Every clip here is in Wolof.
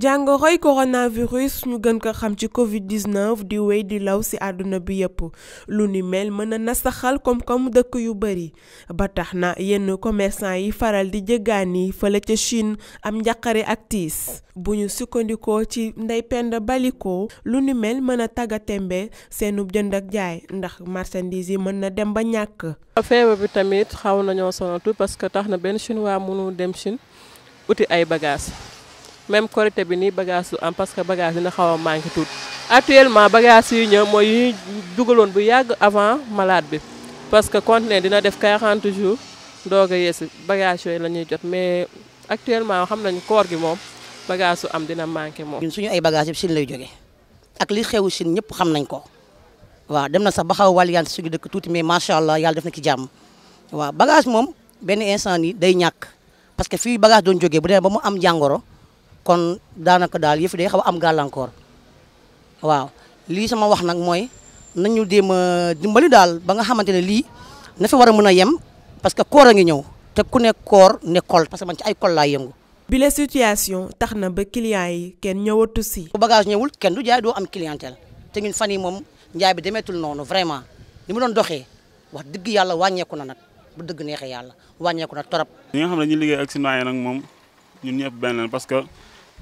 jàngoroy coronavirus ñu gën ko xam ci Covid 19 di wéy di law si àdduna bi yëpp lu ni mel mën na nasaxal koom-koom dëkk yu bëri ba tax na yenn commerçant yi faral di jëggaani fële ca Chine am njaqare ak tiis bu ñu sukkandikoo ci Ndeye Penda Baliko lu ni mel mën a tàggatémbe seenu jënd ak jaay ndax marchandise yi mën na dem ba ñàkk. feebar bi tamit xaw nañoo sonal parce que tax na benn chinois mënu dem Chine uti ay bagages. même korité bi nii bagage du am parce que bagage dina xaw a manqué tuut actuellement bagage yu ñëw mooy yu ñu bu yàgg avant malaad bi parce que conteneur dina def 40 jours doog a yeesi bagage yooyu la ñuy jot mais actuellement xam nañu koor gi moom bagage su am dina manqué moom. suñu ay bagages yëpp lay jógee ak li xewu Chine ñëpp xam nañ ko waaw dem na sax ba xaw a wàllu suñu dëkk tuuti mais macha allah yàlla def na ci jàmm waaw bagage moom benn instant yi day ñàkk parce que fii bagage doo jógee bu demee ba mu am jàngoro. kon danaka dal yef day xawa a am gàllankoor waaw li sama wax nak moy nañu dem dimbali dal ba nga xamantene li na fi wara mëna yem parce que koor a te ku ne koor ne kol parce que man ci ay kol laa yëngu. bile situation tax ba client yi ken ñewatu si. bu bagage ñewul ken du jaay do am clientèle te ñun fani mom moom njaay bi demetul nonu vraiment ni mu doon doxee wax dëgg yàlla wàññeeku na nak bu dëgg neexee yàlla wàññeeku na torop. ñi nga xamné ñi liggéey ak nak mom ñun ñep parce que.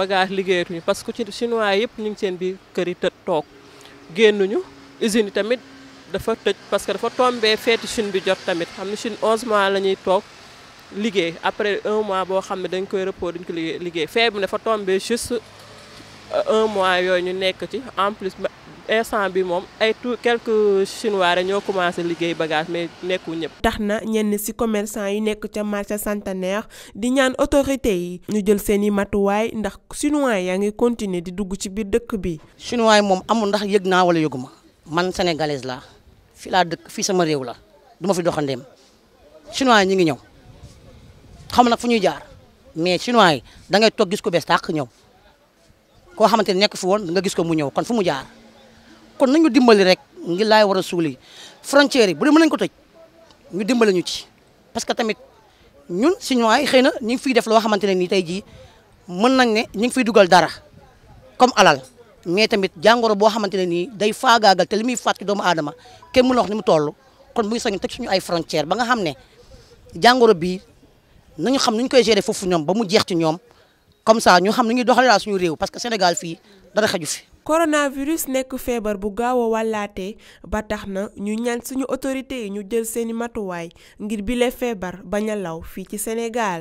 bagage liggéeyatuñu parce que ci chinois yëpp ñu ngi seen biir kër yi tëj toog génnuñu usine yi tamit dafa tëj parce que dafa tombé feeti Chine bi jot tamit xam ne Chine 11 mois la ñuy toog liggéey après un mois boo xam ne dañ koy repos dañ ko liggéey liggéey fee bi dafa tombé juste euh, un mois yooyu ñu nekk ci en plus instant bi moom ay tout quelques chinois rek ñoo commencé liggéey bagage mais nekkul ñëpp. tax na ñenn si commerçant yi nekk ca marché centenaire di ñaan autorité yi. ñu jël seen i matuwaay ndax chinois yaa ngi continuer di dugg ci biir dëkk bi. chinois yi moom amul ndax yëg naa wala yëguma man sénégalaise la fii laa dëkk fii sama réew la duma fi doxandeem chinois yi ñu ngi ñëw xam nag fu ñuy jaar mais chinois yi da ngay toog gis ko bees tàq ñëw koo xamante ne fi woon nga gis ko mu ñëw kon fu mu jaar. kon nañu dimbali rek ngi lay wara a suuli frontière bu dem nañ ko tej ñu dimbali ñu ci parce que tamit ñun chinois yi xeyna na ñu ngi fiy def lo xamantene ni tay ji mën nañ ne ñi ngi dugal dara comme alal mais tamit jangoro bo xamantene ni nii day faagaagal te limi fatte doomu kenn mu a wax ni mu tollu kon muy sañu tek suñu ay frontière ba nga xamne ne bi, nañu xam nuñ koy gérer fofu ñom ba mu jeex ci ñom comme ça ñu xam nu ñuy doxalee daal suñu réew parce que Sénégal fi dara xaju fi coronavirus nekk feebar bu gaaw a wàllaatee ba tax na ñu ñaan suñu autorité yi ñu jël seeni matuwaay ngir bile feebar bañ a law fii ci senegaal